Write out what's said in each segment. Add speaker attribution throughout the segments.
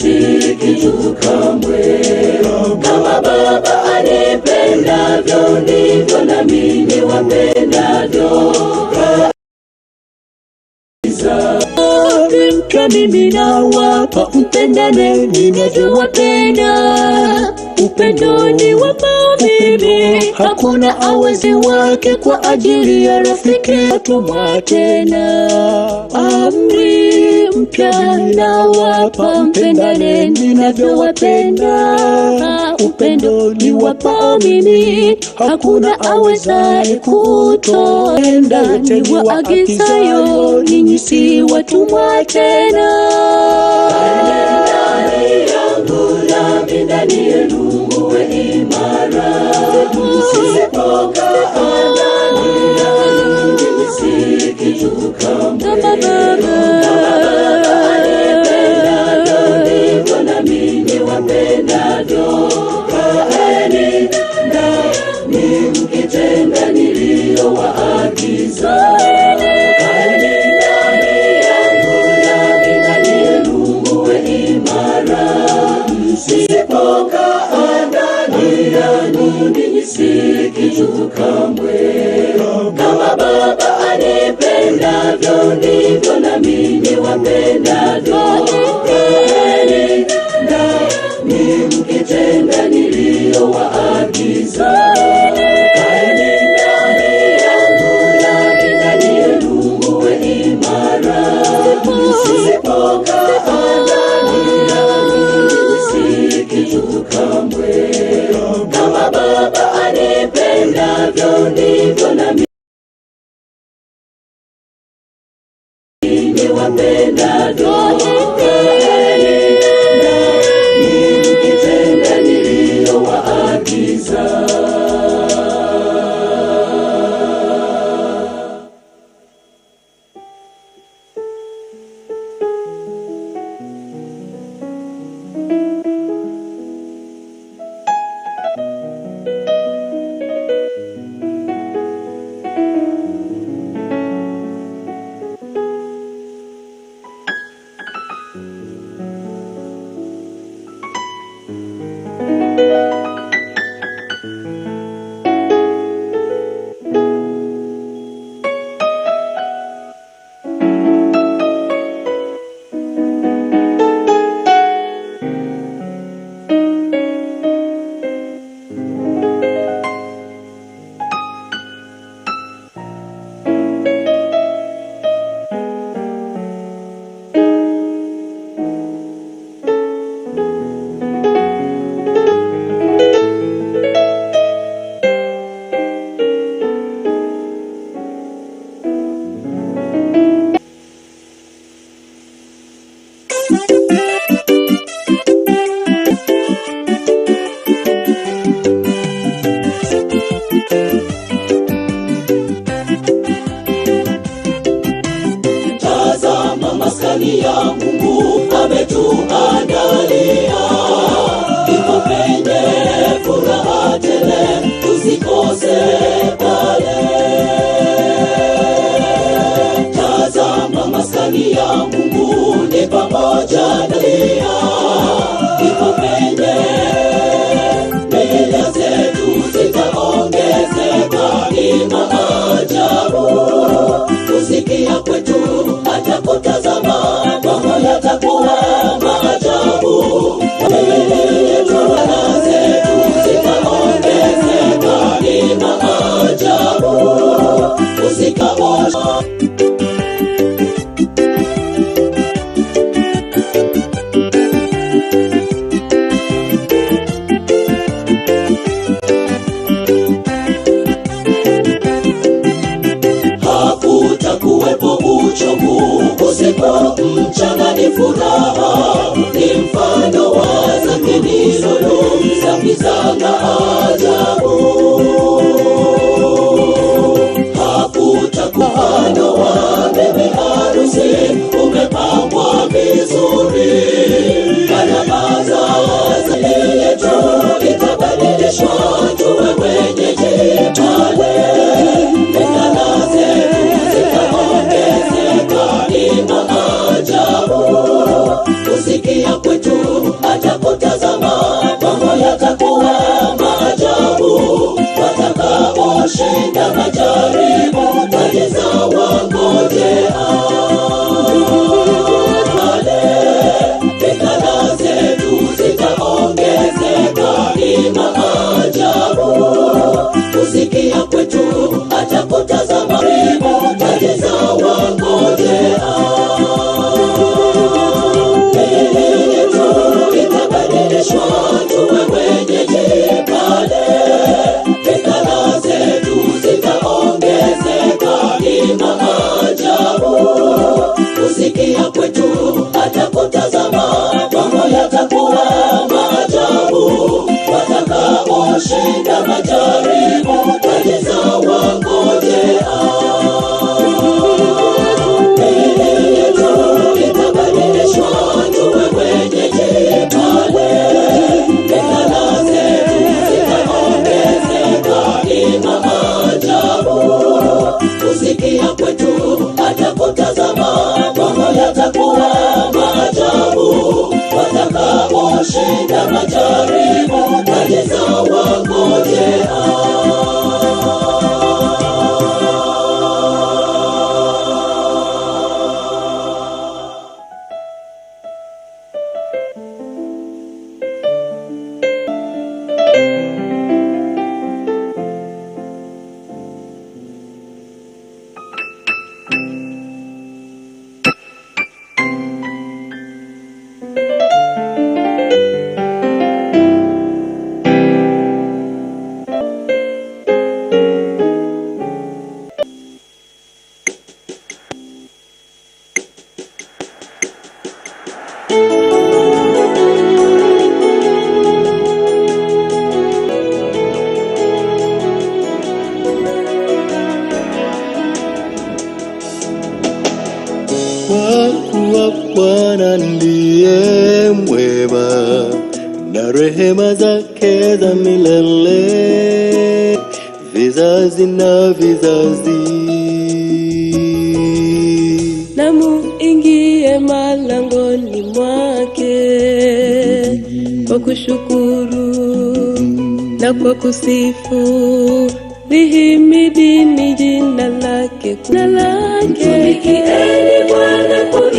Speaker 1: sikitu kamwe. Kama Baba anipendavyo, ndivyo na mimi niwapendavyo. Nimka mimi nawapa, mpendane ninavyowapenda. Upendo ni wa mimi, hakuna awezi wake kwa ajili ya rafiki. Tumwa tena amri mpya nawapa, mpendane ninavyowapenda. Upendo ni wapa mimi, hakuna awezaye kutotenda. Niwaagizayo ninyi si watumwa tena. kamwe. Kama Baba anipendavyo, ndivyo na mimi wapendavyo. Kaeni na mkitenda niliyowaagiza. cuidado.
Speaker 2: furaha ni mfano wa Zakeni, Lulu, Safisana
Speaker 3: Bwana ndiye mwema na rehema zake za milele vizazi na vizazi.
Speaker 4: Na muingie malangoni mwake kwa kushukuru na kwa kusifu, lihimidini jina lake,
Speaker 5: jina lake.
Speaker 6: Tumikieni Bwana kwa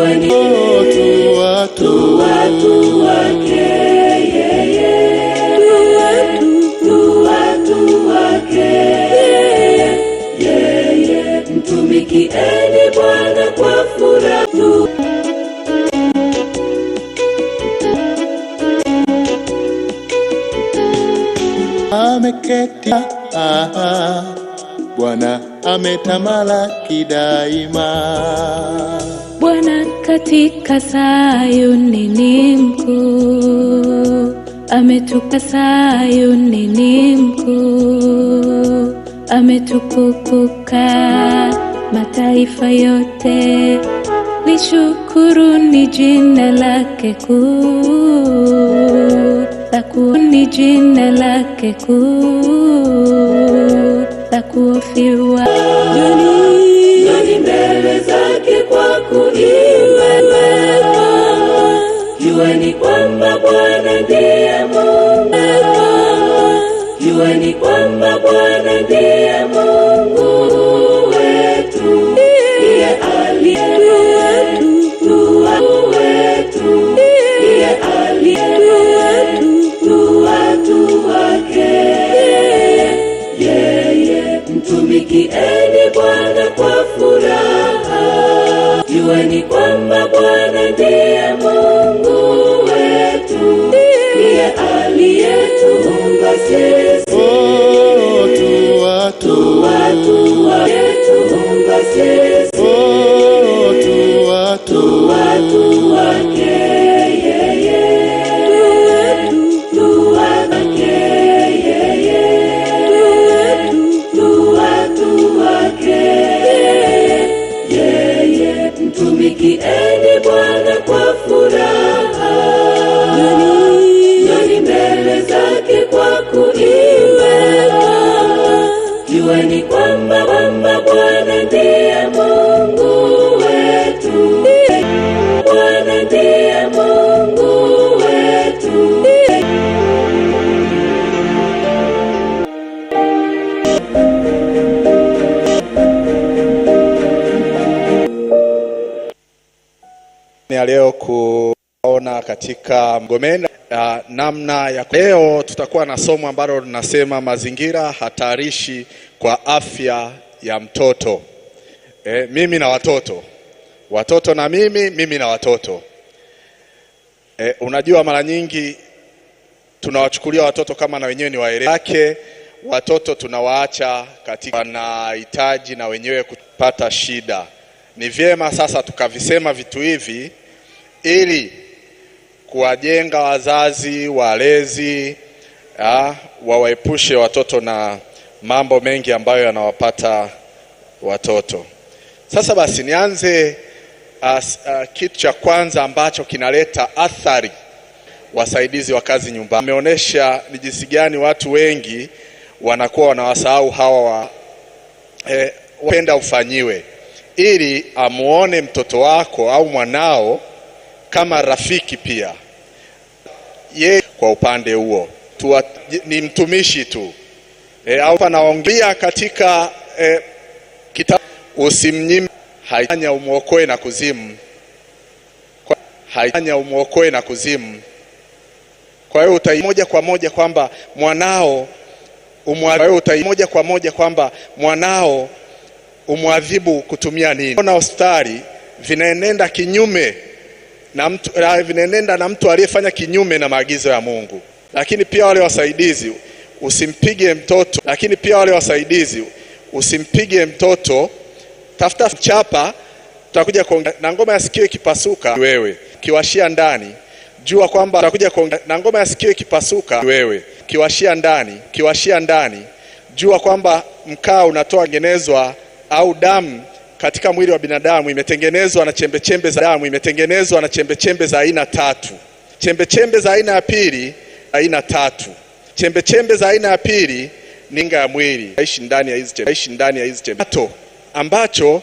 Speaker 6: tuweni ah, ah,
Speaker 7: ah.
Speaker 6: Bwana kwa furaha
Speaker 3: ameketi Bwana ametamalaki daima.
Speaker 4: Bwana katika Sayuni ni mkuu, ametuka Sayuni ni mkuu, ametukukuka mataifa yote, lishukuru ni jina lake kuu, la ni jina lake kuu, lakuofiwa dunia
Speaker 6: ndiye Mungu. Jueni kwamba Bwana ndiye Mungu wetu, ndiye Mtumikieni Bwana kwa furaha, jueni kwamba Bwana ndiye Mungu
Speaker 7: ndiye
Speaker 8: ya leo kuona katika Mgomeni. Uh, namna ya leo tutakuwa na somo ambalo linasema mazingira hatarishi kwa afya ya mtoto. E, mimi na watoto, watoto na mimi, mimi na watoto. E, unajua mara nyingi tunawachukulia watoto kama na wenyewe ni waelewa yake, watoto tunawaacha katika wanahitaji na wenyewe kupata shida. Ni vyema sasa tukavisema vitu hivi ili kuwajenga wazazi walezi, ah, wawaepushe watoto na mambo mengi ambayo yanawapata watoto. Sasa basi nianze as, ah, uh, ah, kitu cha kwanza ambacho kinaleta athari wasaidizi wa kazi nyumbani. imeonyesha ni jinsi gani watu wengi wanakuwa wanawasahau hawa wa eh, ufanyiwe, ili amuone mtoto wako au mwanao kama rafiki pia ye. Kwa upande huo Tua, ni mtumishi tu e, au anaongea katika e, kitabu usimnyime haifanya umwokoe na kuzimu haifanya umwokoe na kuzimu. Kwa hiyo utai moja kwa moja kwamba mwanao utai moja kwa moja kwamba mwanao umwadhibu kutumia nini? Ona ostari vinaenenda kinyume na mtu, vinenenda na mtu aliyefanya kinyume na maagizo ya Mungu. Lakini pia wale wasaidizi, usimpige mtoto. Lakini pia wale wasaidizi, usimpige mtoto, tafuta chapa, tutakuja kuongea na ngoma ya sikio ikipasuka, wewe kiwashia ndani, jua kwamba tutakuja kuongea na ngoma ya sikio ikipasuka, wewe kiwashia ndani, kiwashia ndani, jua kwamba mkaa unatoa genezwa au damu katika mwili wa binadamu imetengenezwa na chembe za damu imetengenezwa na chembe za aina tatu. chembe chembe za aina ya pili, aina tatu. chembe chembe za aina ya pili ninga ya mwili aishi ndani ya hizi chembe ambacho